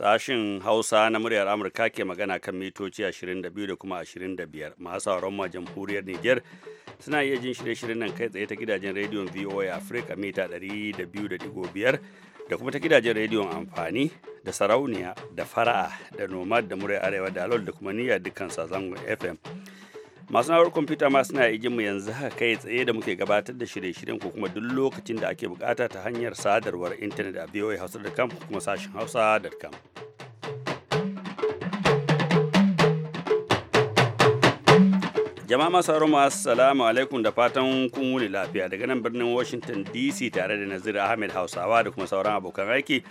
Sashin Hausa na muryar Amurka ke magana kan mitoci 22 da kuma 25 masu sauran ma jamhuriyar Niger suna iya jin shirye-shiryen nan kai tsaye ta gidajen rediyon VOA Africa mita 200.5 da kuma ta gidajen rediyon amfani da sarauniya da fara'a da nomad da muryar arewa da alol da kuma niyyar dukkan sazangon FM. masu na'urar kwamfuta ma suna iya mu yanzu haka kai tsaye da muke gabatar da shirye-shiryen ko kuma duk lokacin da ake bukata ta hanyar sadarwar intanet a voahausa.com ko kuma sashen hausa.com jama'a masu haramu assalamu alaikum da fatan kun wuni lafiya daga nan birnin washington dc tare da nazir ahmed hausawa da kuma sauran abokan aiki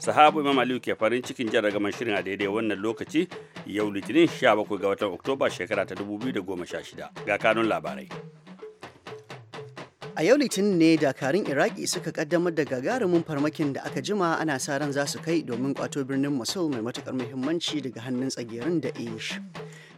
sahabu imam aliyu ke farin cikin jan ragaman shirin a daidai wannan lokaci yau litinin 17 ga watan oktoba shekara ta 2016 ga kanun labarai a yau litinin ne dakarun iraki suka kaddamar da gagarumin farmakin da aka jima ana sa ran za su kai domin kwato birnin musul mai matukar muhimmanci daga hannun tsagerin da ish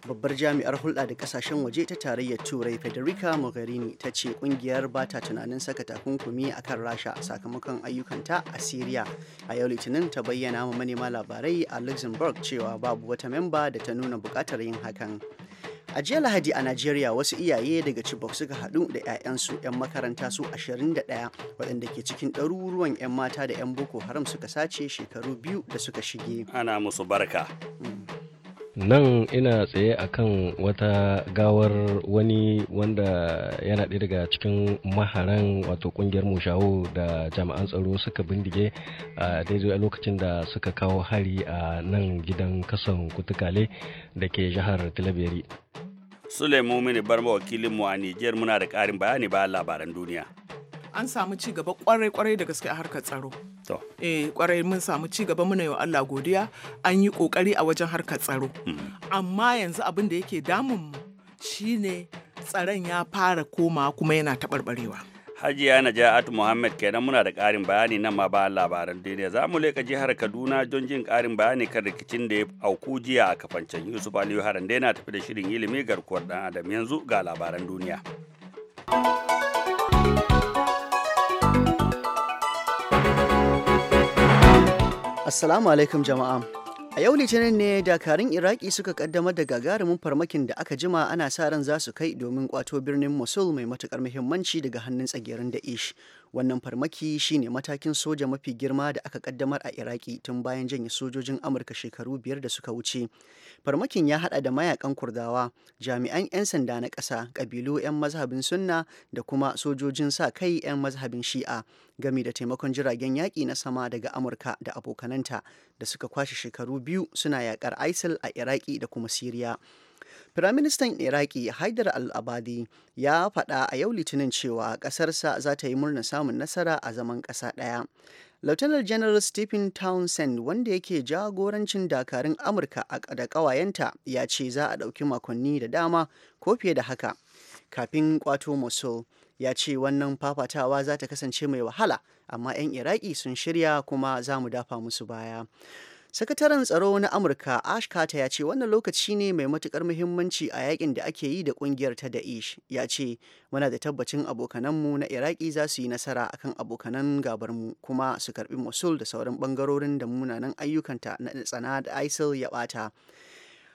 babbar jami'ar hulɗa da kasashen waje ta tarayyar turai federica mogherini ta ce kungiyar ba ta tunanin saka takunkumi a kan rasha sakamakon ayyukanta a syria a yau litinin ta bayyana ma manema labarai a luxembourg cewa babu wata memba da ta nuna buƙatar yin hakan a jiya lahadi a najeriya wasu iyaye daga chibok suka haɗu da 'ya'yansu 'yan makaranta su 21 waɗanda ke cikin ɗaruruwan 'yan mata da 'yan boko haram suka sace shekaru biyu da suka shige ana musu barka mm. nan ina tsaye akan wata gawar wani wanda yana ɗaya daga cikin maharan wato kungiyar mushawo da jami'an tsaro suka bindige a daidai lokacin da suka kawo hari a nan gidan kasan kutukale da ke jihar tilaberi sulaimu mini barma wakilinmu a niger muna da ƙarin bayani bayan labaran duniya an samu ci gaba kwarai kwarai da gaske a harkar tsaro eh kwarai mun samu ci gaba muna yau Allah godiya an yi kokari a wajen harkar tsaro hmm. amma yanzu abin da yake damun mu shine tsaron ya fara koma kuma yana taɓarɓarewa Hajiya Naja'at Muhammad kenan muna da ƙarin bayani nan ma ba labaran duniya. Za mu leƙa jihar Kaduna don jin ƙarin bayani kan rikicin da ya auku jiya a kafancen Yusuf Aliyu da na tafi da shirin ilimi garkuwar ɗan Adam yanzu ga labaran duniya. Assalamu alaikum jama'a. A yau Litinin ne dakarun Iraki suka kaddamar da gagarumin farmakin da aka jima ana sa ran za su kai domin kwato birnin Mosul mai matukar muhimmanci daga hannun tsagerin ish. wannan farmaki shine matakin soja mafi girma da aka kaddamar a iraki tun bayan janye sojojin amurka shekaru biyar da suka wuce farmakin ya hada da mayakan kurdawa jami'an 'yan sanda na ƙasa ƙabilu 'yan mazhabin sunna da kuma sojojin sa kai 'yan mazhabin shi'a gami da taimakon jiragen yaƙi na sama daga amurka da abokananta da suka kwashe shekaru biyu suna yakar isil a iraki da kuma siriya Firaministan Iraki Haidar al-Abadi ya faɗa a yau Litinin cewa ƙasarsa za ta yi murnar samun nasara a zaman ƙasa ɗaya. Lieutenant General Stephen Townsend wanda yake jagorancin dakarun Amurka a da ƙawayenta ya ce za a ɗauki makonni da dama ko fiye da haka. Kafin kwato Mosul ya ce wannan fafatawa za ta kasance mai wahala amma 'yan Iraki sun shirya kuma za mu dafa musu baya. Sakataren tsaro na Amurka Ash Carter ya ce wannan lokaci ne mai matukar muhimmanci a yakin da ake yi da kungiyar ta da'ish Ya ce, "Muna da tabbacin abokananmu na Iraki za su yi nasara akan abokanan gabarmu kuma su karbi Mosul da sauran bangarorin da munanan ayyukanta na tsana da ISIL ya bata."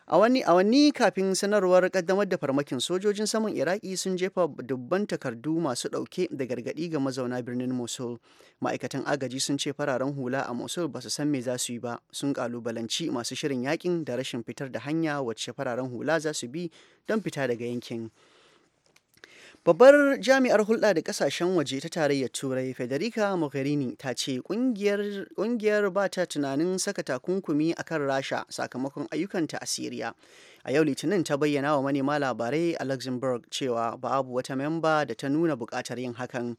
a wani kafin sanarwar kaddamar da farmakin sojojin saman iraki sun jefa dubban takardu masu dauke da gargadi ga mazauna birnin mosul ma'aikatan agaji sun ce fararen hula a mosul ba su san me za su yi ba sun kalubalanci masu shirin yakin da rashin fitar da hanya wacce fararen hula za su bi don fita daga yankin Babbar jami'ar hulɗa da ƙasashen waje ta tarayyar Turai Federica Mogherini ta ce ƙungiyar ba ta tunanin saka takunkumi a kan Rasha sakamakon ayyukanta a Siriya. A yau Litinin ta bayyana wa manema labarai a Luxembourg cewa babu wata memba da ta nuna buƙatar yin hakan.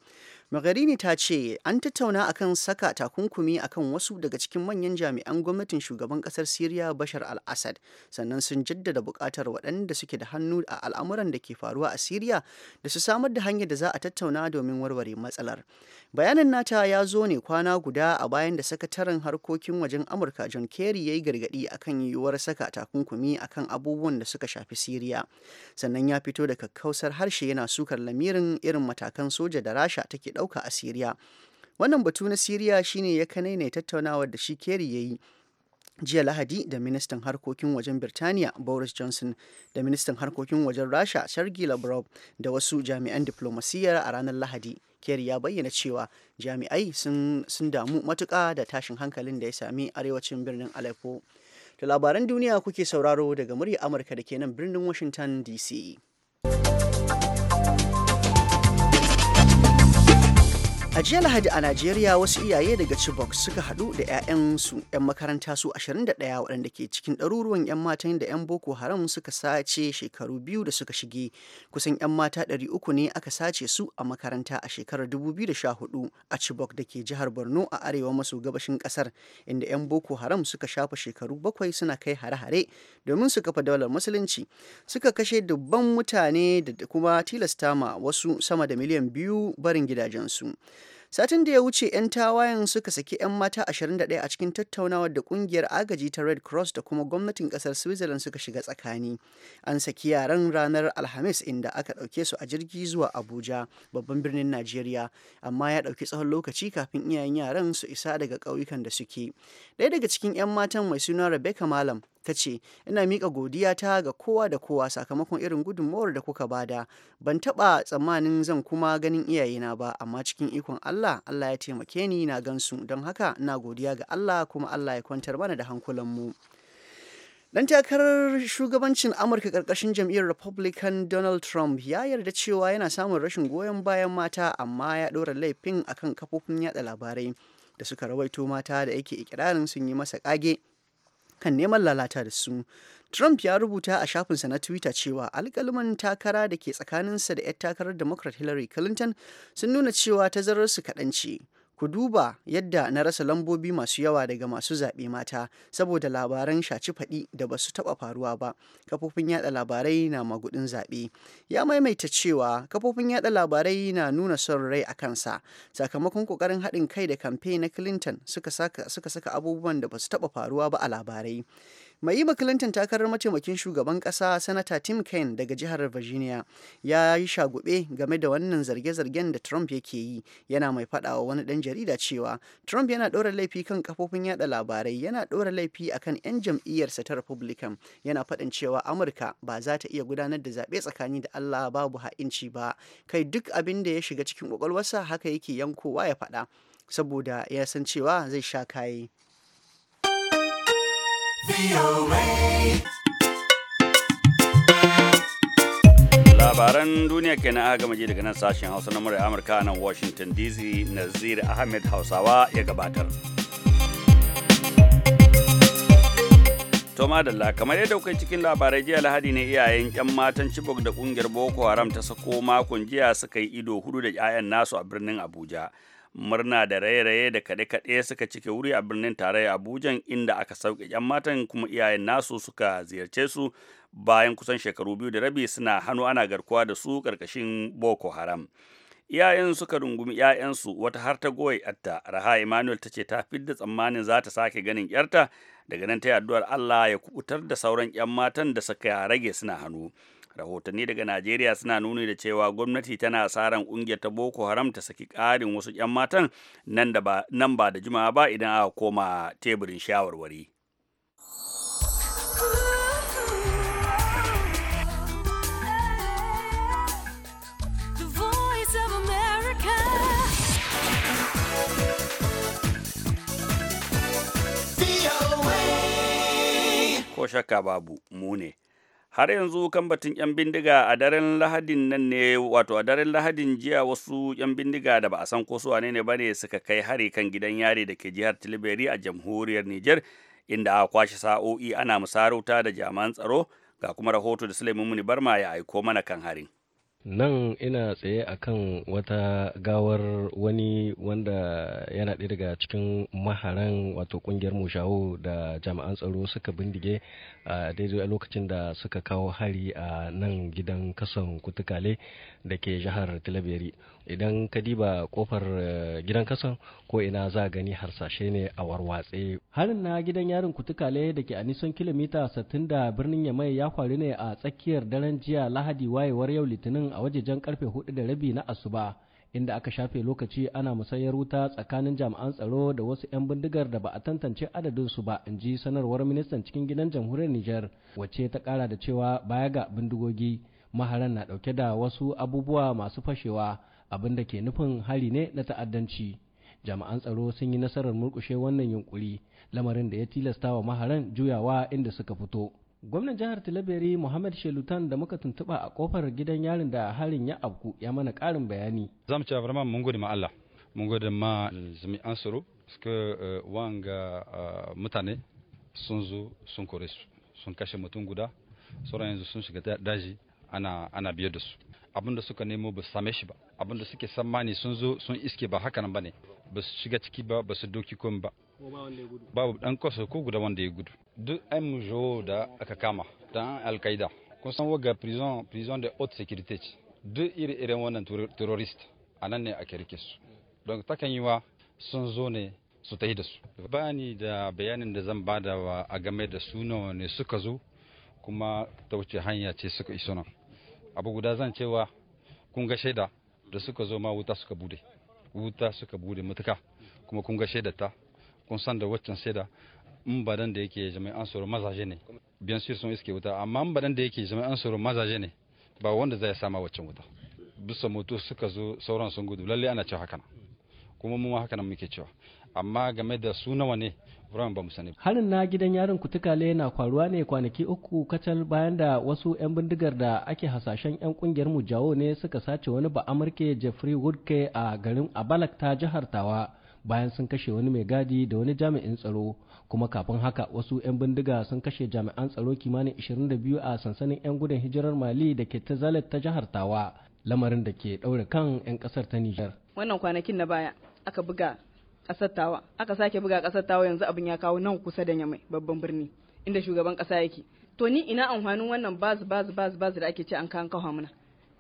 Magarini ta ce an tattauna akan saka takunkumi akan wasu daga cikin manyan jami'an gwamnatin shugaban kasar Siriya Bashar al-Assad sannan sun jaddada bukatar waɗanda suke da hannu a al'amuran da ke faruwa a Siriya da su samar da hanyar da za a tattauna domin warware matsalar. Bayanin nata ya zo ne kwana guda a bayan da sakataren harkokin wajen Amurka John Kerry ya yi gargaɗi akan yiwuwar saka takunkumi akan abubuwan da suka shafi Siriya. Sannan ya fito da kakkausar harshe yana sukar lamirin irin matakan soja da Rasha take dauka a Siriya. Wannan batu na Siriya shine ya kanai ne tattaunawar da shi keri ya yi jiya lahadi da ministan harkokin wajen birtaniya boris johnson da ministan harkokin wajen rasha sergei lavrov da wasu jami'an diplomasiyyar a ranar lahadi kerry ya bayyana cewa jami'ai sun damu matuka da tashin hankalin da ya sami arewacin birnin aleppo da labaran duniya kuke sauraro daga murya amurka da ke nan birnin washington dc A jiya Lahadi a Najeriya wasu iyaye daga Chibok suka haɗu da 'ya'yansu 'yan makaranta su 21 waɗanda ke cikin ɗaruruwan 'yan matan da 'yan Boko Haram suka sace shekaru biyu da suka shige. Kusan 'yan mata 300 ne aka sace su a makaranta a shekarar 2014 a Chibok da ke jihar Borno a arewa maso gabashin ƙasar inda 'yan Boko Haram suka shafa shekaru bakwai suna kai hare-hare domin su kafa daular musulunci. Suka kashe dubban mutane da kuma tilasta ma wasu sama da miliyan biyu barin gidajensu. Satin da ya wuce 'yan tawayen suka saki 'yan mata 21 a cikin tattaunawar da kungiyar agaji ta Red Cross da kuma gwamnatin kasar Switzerland suka shiga tsakani. An saki yaran ranar Alhamis inda aka ɗauke su a jirgi zuwa Abuja, babban birnin Najeriya, amma ya ɗauki tsawon lokaci kafin iyayen yaran su isa daga ƙauyukan da suke. daya daga cikin 'yan matan mai suna Rebecca Malam ta ce ina miƙa godiyata ga kowa da kowa sakamakon irin gudunmawar da kuka bada ban taɓa tsammanin zan kuma ganin iyayena ba amma cikin ikon Allah Allah ya taimake ni na gansu don haka na godiya ga Allah kuma Allah ya kwantar mana da hankulan mu Dan takarar shugabancin Amurka ƙarƙashin jam'iyyar Republican Donald Trump ya yarda cewa yana samun rashin goyon bayan mata amma ya ɗora laifin akan kafofin yada labarai da suka rawaito mata da yake ikirarin sun yi masa ƙage kan neman lalata da su Trump ya rubuta a shafinsa na Twitter cewa alkalaman takara da ke tsakaninsa da 'yar takarar Democrat Hillary Clinton sun nuna cewa tazararsu kaɗan ce. ku duba yadda na rasa lambobi masu yawa daga masu zaɓe mata saboda labaran shaci faɗi da ba su taɓa faruwa ba kafofin yada labarai na magudin zaɓe ya maimaita cewa kafofin yada labarai na nuna son rai a kansa sakamakon ƙoƙarin haɗin kai da kamfe na clinton suka saka, saka abubuwan da ba su taɓa faruwa ba a labarai mai yi Clinton takarar mataimakin shugaban kasa sanata tim kaine daga jihar virginia ya yi shagube game da wannan zarge-zargen da trump yake yi yana mai faɗawa wani dan jarida cewa trump yana ɗora laifi kan kafofin yada labarai yana ɗora laifi akan 'yan jam'iyyarsa ta republican yana faɗin cewa amurka ba za ta iya gudanar da zaɓe tsakani da allah babu ha'inci ba kai duk abin da ya shiga cikin kwakwalwarsa haka yake yankowa ya faɗa saboda ya san cewa zai sha kaye labaran duniya ke na gama ji daga nan sashen hausa na murar amurka nan washington dc nazir ahmed hausawa ya gabatar toma dalla kamar yadda kuka cikin labarai jiya lahadi ne iyayen yan matan chibok da kungiyar boko haram ta sako makon jiya suka yi ido hudu da 'ya'yan nasu a birnin abuja murna da raye-raye da kaɗe-kaɗe suka cike wuri a birnin tarayya abuja inda aka sauke 'yan matan kuma iyayen nasu suka ziyarce su bayan kusan shekaru biyu da rabi suna hannu ana garkuwa da su ƙarƙashin boko haram iyayen suka rungumi 'ya'yansu wata har ta goyi yarta raha emmanuel ta ce ta fidda tsammanin za ta sake ganin yarta daga nan ta yi addu'ar allah ya kubutar da sauran 'yan matan da suka rage suna hannu rahotanni daga najeriya suna nuni da cewa gwamnati tana asaran ƙungiyar ta boko haram ta saki ƙarin wasu 'yan matan nan ba da jimawa ba idan aka koma teburin shawarwari ko shakka babu mu ne har yanzu kan batun 'yan bindiga a daren lahadin nan ne wato a daren lahadin jiya wasu 'yan bindiga da ba a san ko su ne ba ne suka kai hari kan gidan yare da ke jihar tilberi a jamhuriyar niger inda a kwashe sa'o'i ana musarauta da jami'an tsaro ga kuma rahoto da suleiman muni barma ya aiko mana kan harin nan ina tsaye akan wata gawar wani wanda yana ɗaya daga cikin maharan wato ƙungiyar mushawo da jami'an tsaro suka bindige a daidai lokacin da suka kawo hari a nan gidan kasan kutukale da ke jihar talabiyari idan ka diba kofar eh, gidan kasan ko ina za gani harsashe ne a warwatse harin na gidan yarin kutukale da ke a nisan kilomita 60 da birnin yamai ya faru ne a tsakiyar daren jiya lahadi wayewar yau litinin a wajejen karfe 4 da rabi na asuba inda aka shafe lokaci ana musayar wuta tsakanin jami'an tsaro da wasu 'yan bindigar da ba a tantance adadinsu ba in ji sanarwar ministan cikin gidan jamhuriyar Nijar wacce ta kara da cewa baya ga bindigogi maharan na dauke da wasu abubuwa masu fashewa abin da ke nufin hari ne na ta'addanci jami'an tsaro sun yi nasarar murkushe wannan yunkuri lamarin da ya tilasta wa maharan juyawa inda suka fito gwamnan jihar tilaberi muhammad shelutan da muka tuntuɓa a kofar gidan yarin da harin ya afku ya mana karin bayani zamu ci abarma mun gode ma Allah mun gode ma jami'an tsaro suka eh, wanga eh, mutane sun zo sun kore su sun kashe mutum guda sauran yanzu sun shiga daji ana ana biyar da su abinda suka nemo ba same shi ba abinda suke tsammani sun zo sun iske ba haka nan ba ne ba su shiga ciki ba ba su doki komi ba babu dan kwasa ko guda wanda ya gudu duk an mujo da aka kama dan alkaida kun san waga prison prison de haute sécurité duk iri-irin wannan terrorist a nan ne a rike su don takan yi wa sun zo ne su ta da su bani da bayanin da zan bada a game da su ne suka zo kuma ta wuce hanya ce suka iso nan abu guda zan cewa kun ga shaida da suka zo ma wuta suka bude wuta suka bude mutuka kuma kun ga shaida ta kun san da waccan shaida in badan da yake jami'an tsaro mazaje ne biyan sir sun iske wuta amma in badan da yake jami'an tsaro mazaje ne ba wanda zai sama waccan wuta bisa moto suka zo sauran sun gudu lalle ana cewa haka kuma mu haka nan muke cewa amma game da su nawa ne Brown ba sani. Harin na gidan yarin kutukale na kwaruwa ne kwanaki uku kacal bayan da wasu 'yan bindigar da ake hasashen 'yan kungiyar jawo ne suka sace wani ba Amurke Jeffrey Woodke a garin Abalak ta jihar Tawa bayan sun kashe wani mai gadi da wani jami'in tsaro kuma kafin haka wasu 'yan bindiga sun kashe jami'an tsaro kimanin 22 a sansanin 'yan gudun hijirar Mali da ke ta Zalet ta jihar Tawa lamarin da ke ɗaure kan 'yan ƙasar ta Nijar. Wannan kwanakin na baya. aka buga ƙasar tawa aka sake buga ƙasar tawa yanzu abin ya kawo nan kusa da nyamai babban birni inda shugaban ƙasa yake to ni ina amfanin wannan baz baz baz baz da ake ce an kan kawo mana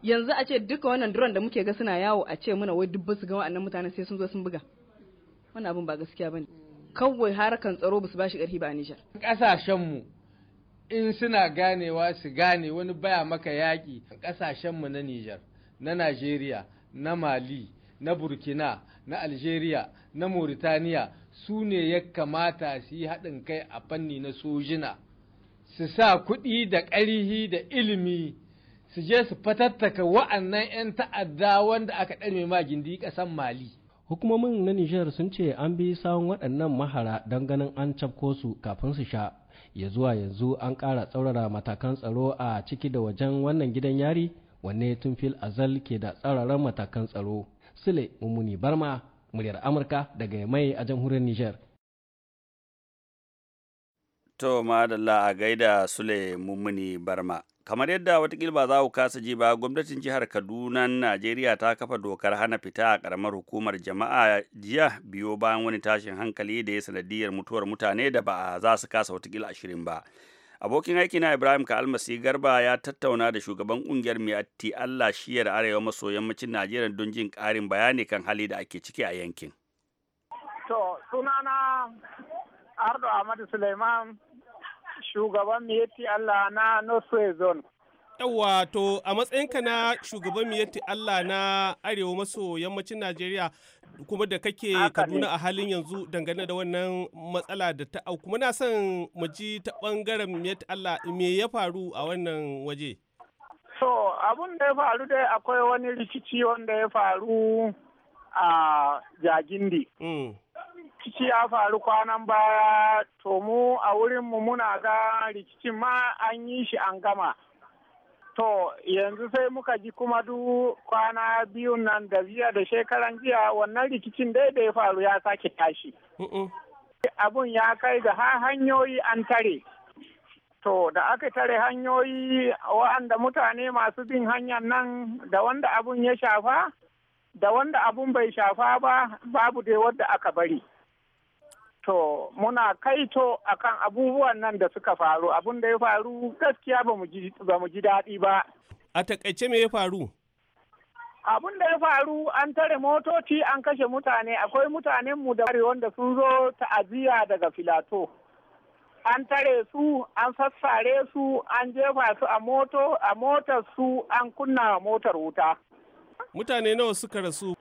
yanzu a ce duka wannan drone da muke ga suna yawo a ce muna wai dubba su ga wa'annan mutanen sai sun zo sun buga wannan abin ba gaskiya bane kawai harakan tsaro ba su bashi ƙarfi ba a Nijar mu in suna ganewa su gane wani baya maka yaƙi kasashen mu na Nijar na Najeriya na Mali na Burkina na algeria na mauritania su ne ya kamata su yi haɗin kai a fanni na sojina su sa kuɗi da ƙarihi da ilimi su je su fatattaka wa'annan 'yan ta'adda wanda aka ɗarme ma gindi ƙasan mali hukumomin na nijar sun ce an bi sawon waɗannan mahara don ganin an cafko su kafin su sha ya zuwa yanzu an ƙara tsaurara matakan tsaro a ciki da wajen wannan gidan yari wanne tun fil azal ke da tsararren matakan tsaro Sule Mummuni Barma, muryar Amurka daga mai a jamhuriyar Nijar. To, madalla a gaida Sule Mummuni Barma. kamar yadda watakila ba za ku kasa ji ba gwamnatin jihar kaduna najeriya ta kafa dokar hana fita a karamar hukumar jama'a jiya biyo bayan wani tashin hankali da ya sanadiyar mutuwar mutane da ba za su kasa watakila ashirin ba abokin aikina ibrahim ka almasi garba ya tattauna da shugaban kungiyar miyatti allah shiyar arewa maso yammacin najeriya don jin karin bayani kan hali da ake ciki a yankin to sunana ardo ahmadu suleiman shugaban miyatti allah na northway zone Yawwa to a matsayinka na shugaban miyatti Allah na arewa maso yammacin Najeriya kuma da kake Kaduna a halin yanzu dangane da wannan matsala da ta auku muna son mu ji ta bangaren miyatti Allah me ya faru a wannan waje. So abun da ya faru dai akwai wani rikici wanda ya faru a jagindi. Mm. rikici ya faru kwanan baya to mu a wurinmu muna ga rikicin ma an yi shi an gama To yanzu sai muka ji kuma duk kwana biyun nan da jiya da shekaran jiya wannan rikicin dai da ya faru ya sake tashi. Abun ya kai ga ha hanyoyi an tare. To da aka tare hanyoyi wa'anda mutane masu bin hanyar nan da wanda abun ya shafa da wanda abun bai shafa ba babu dai wadda aka bari. To muna kaito akan abubuwan nan da suka faru abin da ya faru gaskiya ba mu ji daɗi ba. A takaice me ya faru? abun da ya faru an tare motoci an kashe mutane akwai mutanen mu da wanda sun zo ta'aziyya daga filato an tare su an sassare su an jefa su a moto a motar su an kunna motar wuta mutane nawa suka rasu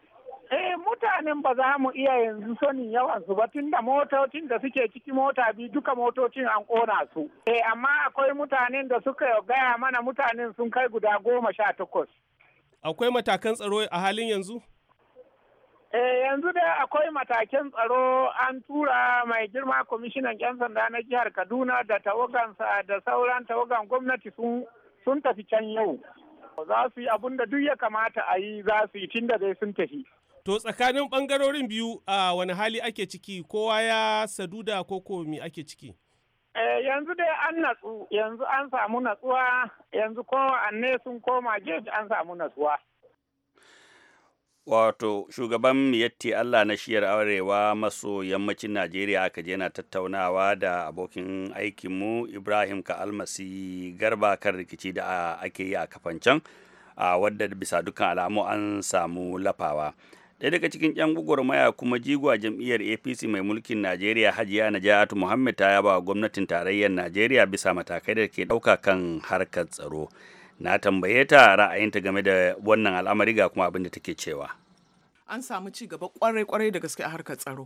mutanen ba za mu iya yanzu sanin yawan su ba tunda motocin da suke ciki mota biyu duka motocin an kona su eh amma akwai mutanen da suka gaya mana mutanen sun kai guda goma sha takwas akwai matakan tsaro a halin yanzu Eh, yanzu da akwai matakin tsaro an tura mai girma kwamishinan 'yan sanda na jihar Kaduna da tawagansa da sauran tawagan gwamnati sun tafi can yau. Za su yi abin da duk ya kamata a yi za su yi tun da dai sun tafi. To tsakanin ɓangarorin biyu a wani hali ake ciki kowa ya saduda koko mi ake ciki? Eh, yanzu dai an natsu yanzu an samu natsuwa yanzu kowa anne sun koma gefe an samu natsuwa. Wato, shugaban Miyatti Allah na shiyar arewa maso yammacin Najeriya aka je na tattaunawa da abokin aikinmu Ibrahim Ka'almasi Garba kan rikici da ake yi a kafancan, a wadda bisa dukkan alamu an samu lafawa. ɗaya daga cikin 'yan gwagwarmaya kuma jigwa jam'iyyar apc mai mulkin najeriya hajiya najatu muhammed ta yaba gwamnatin tarayyar najeriya bisa matakai da ke ɗauka kan harkar tsaro na tambaye ta ra'ayinta game da wannan al'amari ga kuma abin da take cewa an samu ci gaba kwarai kwarai da gaske a harkar tsaro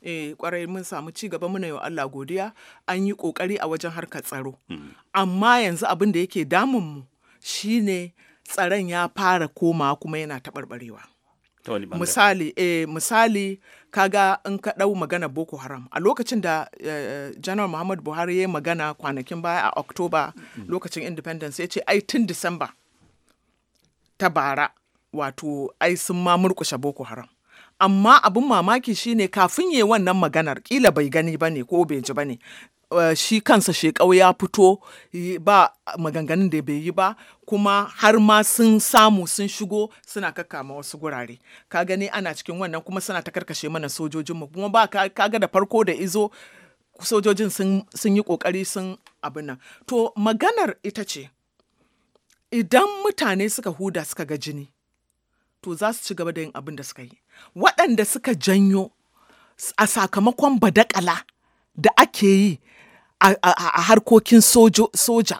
Eh, kwarai mun samu ci gaba muna yi Allah godiya an yi kokari a wajen harkar tsaro. Hmm. Amma yanzu abin da yake damun mu shine tsaron ya fara koma kuma yana taɓarɓarewa. misali eh misali kaga in ka ɗau magana boko haram a lokacin da uh, eh, janar muhammadu buhari ya magana kwanakin baya a october mm. lokacin independence ya ce ai tun december ta bara wato ai sun ma murkushe boko haram amma abin mamaki shine kafin yi wannan maganar kila bai gani ba ne ko bai ji ba ne Eh, shi kansa shekau ya fito ba maganganun da bai yi ba kuma har ma sun samu sun shigo suna kakkama wasu gurare ka gani ana cikin wannan kuma suna ta karkashe mana sojojinmu kuma ba ka ga da farko da izo sojojin sun yi kokari sun abin nan to maganar ita ce idan mutane suka huda suka ga jini to za su ci gaba da yin abin da suka yi waɗanda suka janyo a sakamakon badakala da ake yi a a a harkokin soja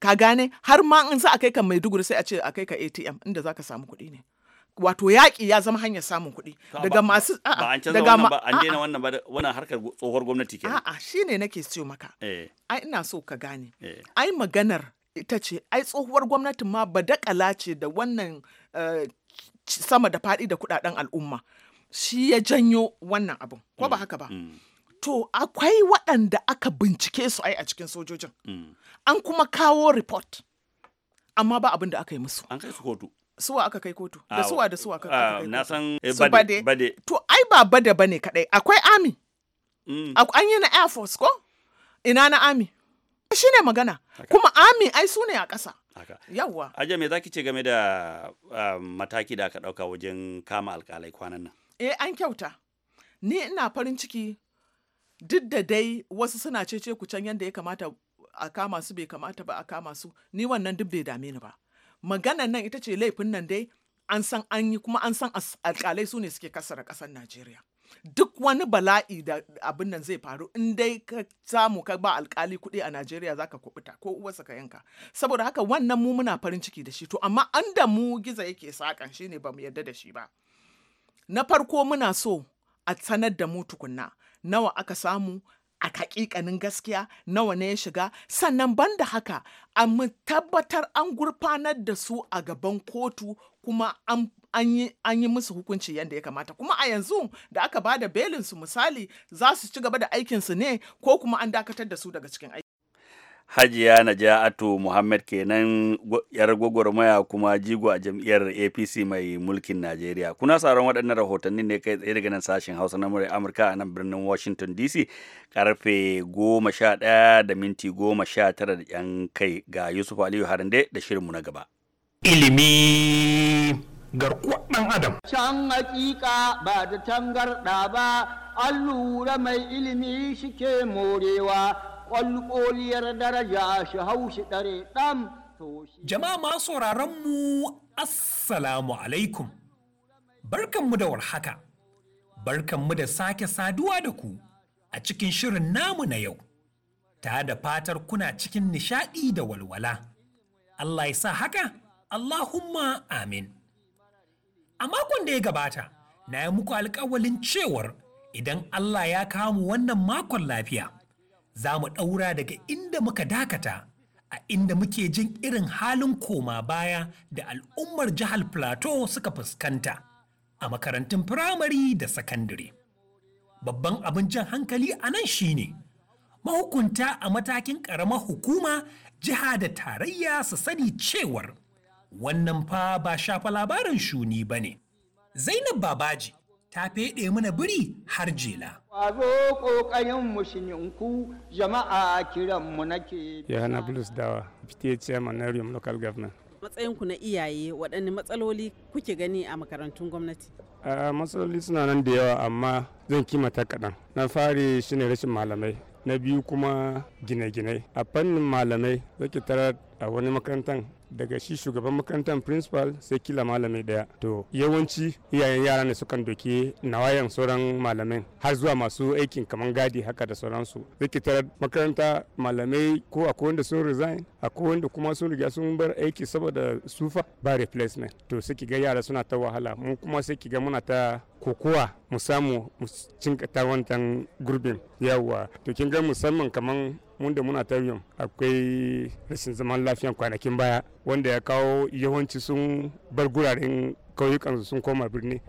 ka gane har ma in za a kai ka maiduguri sai a ce a kai ka atm inda za ka samu kuɗi ne wato yaƙi ya zama hanyar samun kuɗi daga masu ba an canza wannan ba an daina wannan ba wannan harkar tsohuwar gwamnati ke a'a shine nake siyo maka eh. ai ina so ka gane eh. ai maganar ita ce ai tsohuwar gwamnatin ma badakala ce da wannan eh, sama da faɗi da kuɗaɗen al'umma shi ya janyo wannan abin ko ba mm, haka ba mm. to akwai waɗanda aka bincike su ai a cikin sojojin an kuma kawo report amma ba abin da aka yi musu an kai su kotu suwa aka kai kotu da ah, suwa da suwa aka kai ah, na san eh, bade bade to ai ba bade bane kadai akwai ami. Mm. an yi na air force ko ina na ami? shi shine magana kuma ami ai su ne a ƙasa yawwa aja me zaki ce game da ah, mataki da aka ɗauka wajen kama alƙalai kwanan nan eh an kyauta ni ina farin ciki duk da dai wasu suna cece ku can yadda ya kamata a kama su bai kamata ba a kama su ni wannan duk bai dame ni ba maganan nan ita ce laifin nan dai an san an yi kuma an san alkalai su ne suke kasara kasar najeriya duk wani bala'i da abin nan zai faru in dai ka samu ka ba alkali kuɗi a najeriya zaka kubuta ko uwarsa ka yanka saboda haka wannan mu muna farin ciki da shi to amma an da mu giza yake sakan shine ba mu yarda da shi ba na farko muna so a sanar da mu tukunna nawa aka samu a hakikanin gaskiya nawa ne ya shiga sannan banda haka a tabbatar an gurfanar da su a gaban kotu kuma an an yi musu hukunci yadda ya kamata kuma a yanzu da aka ba da belinsu misali za su ci gaba da aikinsu ne ko kuma an dakatar da su daga cikin aiki hajiya naja'atu muhammad kenan yar gwagwarmaya kuma jigo a jam'iyyar apc mai mulkin najeriya kuna sauran waɗannan rahotanni ne kai tsaye daga nan sashen hausa na murai amurka a nan birnin washington dc karfe goma sha ɗaya da minti goma sha tara da yan kai ga yusuf aliyu harande da shirinmu na gaba ilimi garkuwar ɗan adam can hakika ba da tangarɗa ba an lura mai ilimi shike morewa ƙwalƙoliyar daraja shi haushi ɗare Jama'a ma sauraron mu Assalamu alaikum. Barkanmu da warhaka. Barkanmu da sake saduwa da ku a cikin shirin namu na yau. Ta da fatar kuna cikin nishaɗi da walwala. Allah ya sa haka, Allahumma amin. A makon da ya gabata, na yi muku alkawalin cewar idan Allah ya kamu wannan makon lafiya. za mu ɗaura daga inda muka dakata a inda muke jin irin halin koma baya da al'ummar jihar plateau suka fuskanta a makarantun firamare da sakandare. Babban abin jan hankali a nan shine mahukunta a matakin ƙaramar hukuma jiha da tarayya su sani cewar wannan fa ba shafa labarin shuni ba ne. Zainab Babaji ta feɗe mana biri har jela. Ƙwaro ƙoƙarin mushininku jama'a kiran mu nake. Yohana Bulus Dawa, PTA Chairman na Riyom Local Government. Matsayinku na iyaye waɗanne matsaloli kuke gani a makarantun gwamnati? matsaloli suna nan da yawa amma zan kimata kaɗan. Na fari shine rashin malamai. Na biyu kuma gine-gine. A fannin malamai zaki tarar a wani makarantar daga shi shugaban makarantar principal sai kila malamai daya to yawanci iyayen yara ne sukan doki nawayan sauran malamai har zuwa masu aikin kamar gadi haka da sauransu zai tarar makaranta malamai ko akwai wanda sun resign akwai wanda kuma sun riga sun bar aiki saboda sufa ba replacement to sai ga yara suna ta wahala mu kuma sai ga muna ta kokowa mu samu mu cinkata wancan gurbin yawa to kin ga musamman kamar. mun da muna tarihin akwai rashin zaman lafiyan kwanakin baya wanda ya kawo yawanci sun bar guraren kauyukan sun koma birni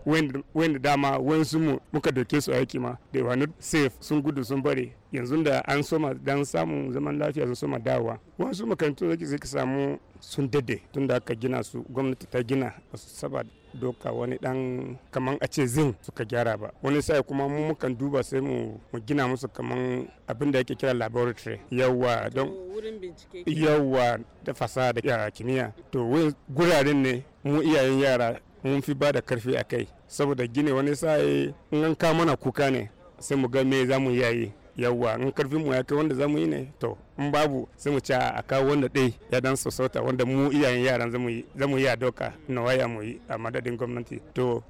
wanda dama wani mu muka doke su aiki ma da wani safe sun gudu sun bare yanzu da an soma dan samun zaman lafiya sun soma dawowa wasu makarantu zaki samu sun dade tun da aka gina su gwamnati ta gina ba saba doka wani dan kaman a ce zin suka gyara ba wani sai kuma mu mukan duba sai mu gina musu kaman abin da yake kira laboratory yawa don yawa da fasaha da kimiyya to guraren ne mu iyayen yara mun fi ba da karfi a kai saboda gine wani sai in an ka mana kuka ne sai mu ga me za mu yayi yawwa in karfin mu ya kai wanda zamu yi ne to in babu sai mu ci a kawo wanda dai. ya dan sosota wanda mu iyayen yaran zamu yi a doka na waya mu yi a madadin gwamnati to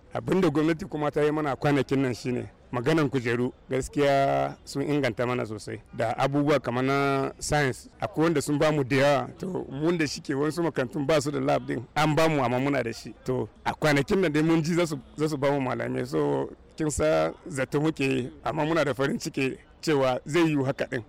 da gwamnati kuma ta yi mana kwanakin nan shine maganan kujeru gaskiya sun inganta mana sosai da abubuwa kamar na science akwai wanda sun bamu da yawa to mun da shike wasu makarantun ba su da lab din an bamu amma muna da shi to a kwanakin nan dai mun ji za su bamu malamai so kin sa zato muke amma muna da farin ciki cewa zai yi haka din.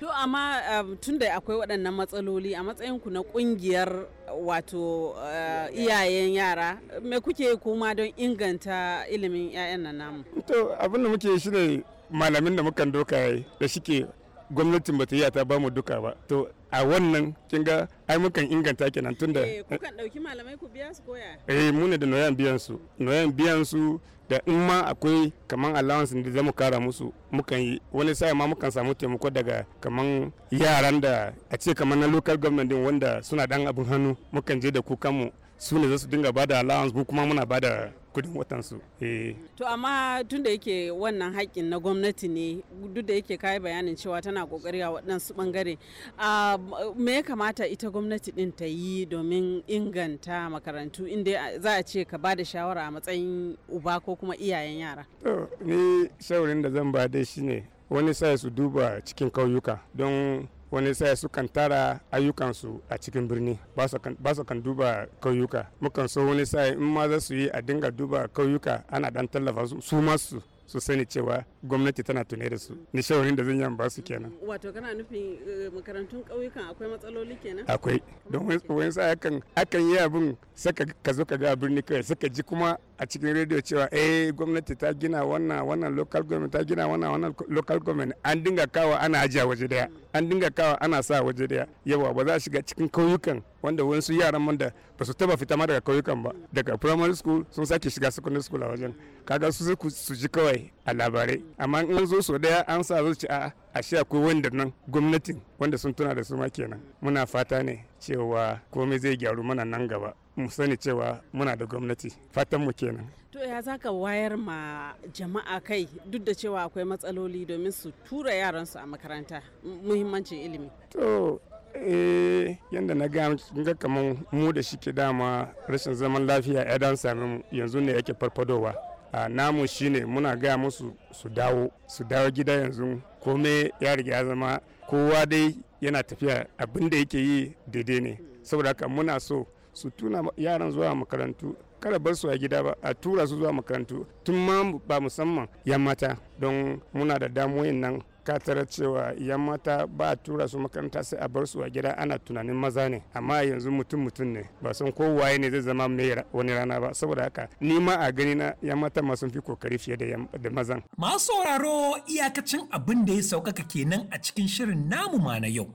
To amma eh, tun da akwai waɗannan matsaloli a matsayinku na ƙungiyar wato eh, iyayen yara me kuke kuma don inganta ilimin 'ya'yan nan namu? To abin da muke shi ne malamin da mukan doka da shi ke gwamnatin bata yi ta bamu duka ba to a wannan kin ga ai mukan inganta kenan tunda eh kukan dauki malamai ku biya su koya eh mu ne da noyan biyan su noyan biyan su da in ma akwai kaman allowance da zamu kara musu mukan yi wani sai ma mukan samu taimako daga kaman yaran da a ce kaman na local government din wanda suna dan abin hannu mukan je da ku kanmu su ne za su dinga bada allowance ko kuma muna bada kudin watansu. Eh. To amma tun da yake wannan haƙƙin na gwamnati ne duk da yake kayi bayanin cewa tana kokari a waɗansu ɓangare. Ah, me ya kamata ita gwamnati ɗin ta yi domin inganta makarantu inda za a ce ka ba da shawara a matsayin uba ko kuma iyayen yara? To ni shawarin da zan ba dai shine wani sai su duba cikin kauyuka don wani sai kan tara ayyukansu a cikin birni ba su kan duba kauyuka mukan so wani sai in ma za su yi a dinga duba kauyuka ana dan tallafa su masu su sani cewa gwamnati tana tune da su ni shawarin da zan yi ba su kenan wato kana nufin eh, makarantun ƙauyukan akwai matsaloli kenan akwai don wani sa akan akan yi abin saka ka zo ka ga birni kai saka ji kuma a cikin rediyo cewa eh gwamnati ta gina wannan wannan local government ta gina wannan wannan local government an dinga kawo ana ajiya waje daya an dinga kawo ana sa waje daya yawa ba za a shiga cikin kauyukan wanda wasu yaran man da ba su taba fita ma daga kauyukan ba daga primary school sun sake shiga secondary school a wajen kaga su su ji kawai a labarai amma in zo so daya an sa zuci a a shi akwai wanda nan gwamnatin wanda sun tuna da su ma kenan muna fata ne cewa komai zai gyaru mana nan gaba mu sani cewa muna da gwamnati fatan mu kenan to ya zaka wayar ma jama'a kai duk da cewa akwai matsaloli domin su tura yaransu a makaranta muhimmanci ilimi to eh yadda na ga ga kamar mu da shi ke dama rashin zaman lafiya ya dan same mu yanzu ne yake farfadowa a ah, namu shine muna gaya musu su dawo su dawo gida yanzu kome ya riga ya zama kowa dai yana tafiya abinda da yake yi daidai ne saboda haka muna so su tuna yaran zuwa makarantu kada bar su a gida ba a tura su zuwa makarantu tun ma ba musamman yan mata don muna da damuwoyin nan katara cewa yan mata ba a tura su makaranta sai a bar su a gida ana tunanin maza ne amma yanzu mutum mutum ne ba san ko waye ne zai zama mai wani rana ba saboda haka ni ma a gani na yan mata ma sun fi kokari fiye da mazan. masu sauraro iyakacin abin da ya sauƙaƙa kenan a cikin shirin namu ma na yau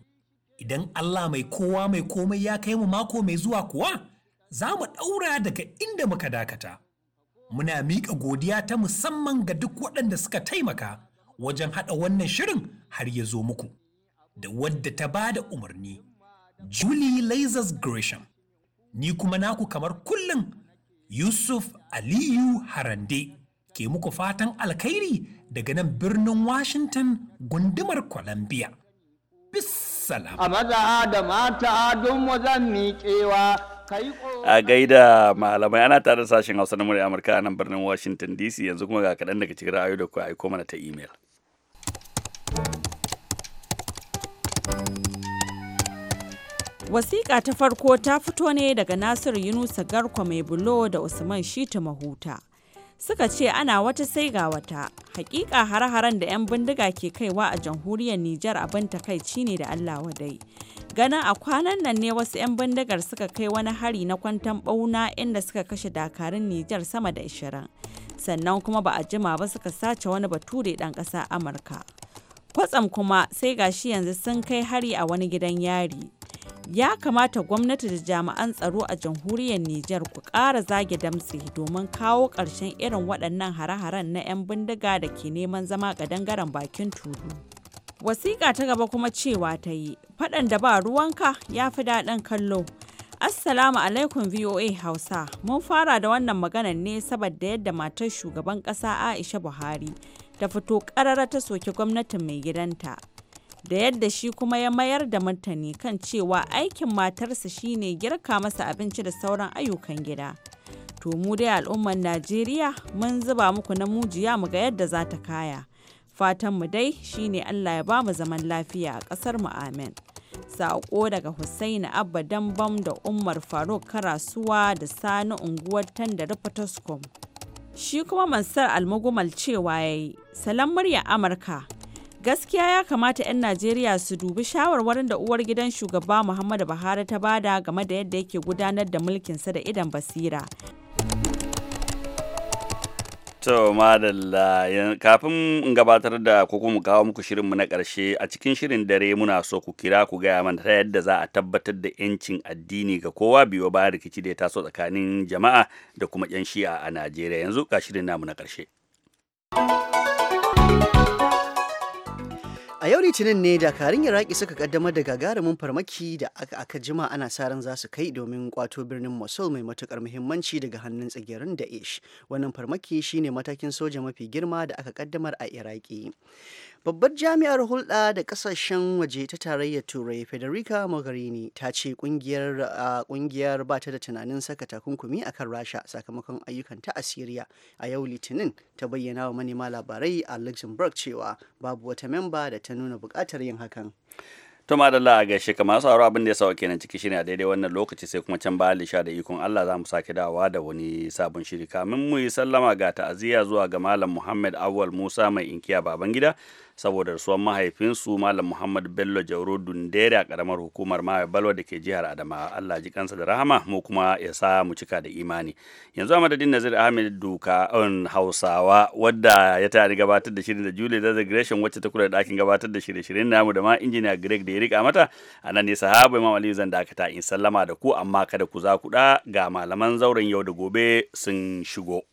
idan Allah mai kowa mai komai ya kai mu mako mai zuwa kuwa za mu ɗaura daga inda muka dakata. Muna miƙa godiya ta musamman ga duk waɗanda suka taimaka wajen haɗa wannan shirin har ya zo muku. Da wadda ta ba da umarni, Julie Lazarus Gresham, ni kuma naku kamar kullum Yusuf Aliyu Harande ke muku fatan alkhairi daga nan birnin Washington gundumar Columbia. Bis salam. a maza da mata don zan miƙewa a gaida malamai ana tare da sashen hausa na murya amurka a nan birnin washington dc yanzu kuma ga kaɗan daga cikin ra'ayoyi da ku aiko mana ta imel wasiƙa ta farko ta fito ne daga nasiru yunusa garkwa mai bulo da usman shita mahuta suka ce ana wata sai ga wata hakika har-haren da 'yan bindiga ke kaiwa a jamhuriyar Nijar abin takaici ne da Allah wadai. Ganin a kwanan nan ne wasu 'yan bindigar suka kai wani hari na kwantan bauna inda suka kashe dakarun Nijar sama da 20. Sannan kuma ba a jima ba suka sace wani bature dan ƙasa Amurka. Kwatsam kuma sai gashi yanzu sun kai hari a wani gidan yari. ya kamata gwamnati da jami'an tsaro a jamhuriyar Nijar ku ƙara zage damsi domin kawo ƙarshen irin waɗannan hare-haren na 'yan bindiga da ke neman zama ƙadangaren bakin tudu. Wasiƙa ta gaba kuma cewa ta yi, faɗan da ba ruwanka ya fi daɗin kallo. Assalamu alaikum VOA Hausa. Mun fara da wannan maganar ne saboda yadda matar shugaban ƙasa Aisha Buhari ta fito ƙarara ta soki gwamnatin mai gidanta. da yadda shi kuma ya mayar da martani kan cewa aikin matarsa shine girka masa abinci da sauran ayyukan gida. To mu dai al'ummar Najeriya mun zuba muku na mujiya mu ga yadda za ta kaya. Fatan mu dai shine Allah ya ba mu zaman lafiya a ƙasar mu amin. Saƙo daga Hussaini Abba Dambam da Umar Faruk Karasuwa da Sani unguwar Tandari Potoscom. Shi kuma Mansar Almugumal cewa ya yi, Salam murya Amurka, gaskiya ya kamata 'yan najeriya su dubi shawarwarin da uwar gidan shugaba muhammadu buhari ta bada game da yadda yake gudanar da mulkinsa da idan basira To madalla kafin in gabatar da ko kuma kawo muku shirinmu na karshe a cikin shirin dare muna so ku kira ku gaya mana ta yadda za a tabbatar da 'yancin addini ga kowa biyo ba rikici da ya taso tsakanin jama'a da kuma 'yan shi'a a Najeriya yanzu ga shirin namu na ƙarshe. a yau litinin ne dakarun iraki suka kaddamar da gagarumin farmaki da aka aka jima ana sa ran za su kai domin kwato birnin mosul mai matukar muhimmanci daga hannun tsagerin daesh wannan farmaki shine matakin soja mafi girma da aka kaddamar a iraki Babbar jami'ar hulɗa da ƙasashen waje ta tarayyar Turai Federica Mogherini ta ce ƙungiyar ba ta da tunanin saka takunkumi a kan Rasha sakamakon ayyukanta a Siriya. A yau Litinin ta bayyana wa manema labarai a Luxembourg cewa babu wata memba da ta nuna buƙatar yin hakan. to ma a gaishe kamar sauraro abin da ya sauke kenan ciki shine a daidai wannan lokaci sai kuma can bayan lisha da ikon Allah za mu sake dawowa da wani sabon shiri kamin mu yi sallama ga ta'aziyya zuwa ga malam Muhammad Awwal Musa mai inkiya baban gida saboda rasuwar mahaifinsu malam muhammad bello jauro dundere a karamar hukumar mawa balwa da ke jihar adamawa allah ji kansa da rahama mu kuma ya sa mu cika da imani yanzu a madadin nazir ahmed duka on um, hausawa wadda ya tare gabatar da shirin da julie da gresham wacce ta kula da ɗakin gabatar da shirye-shiryen namu da ma injiniya greg da ya rika mata a nan ne sahaba imam aliyu zan dakata in sallama da ku amma kada ku za ku ga malaman zauren yau da gobe sun shigo.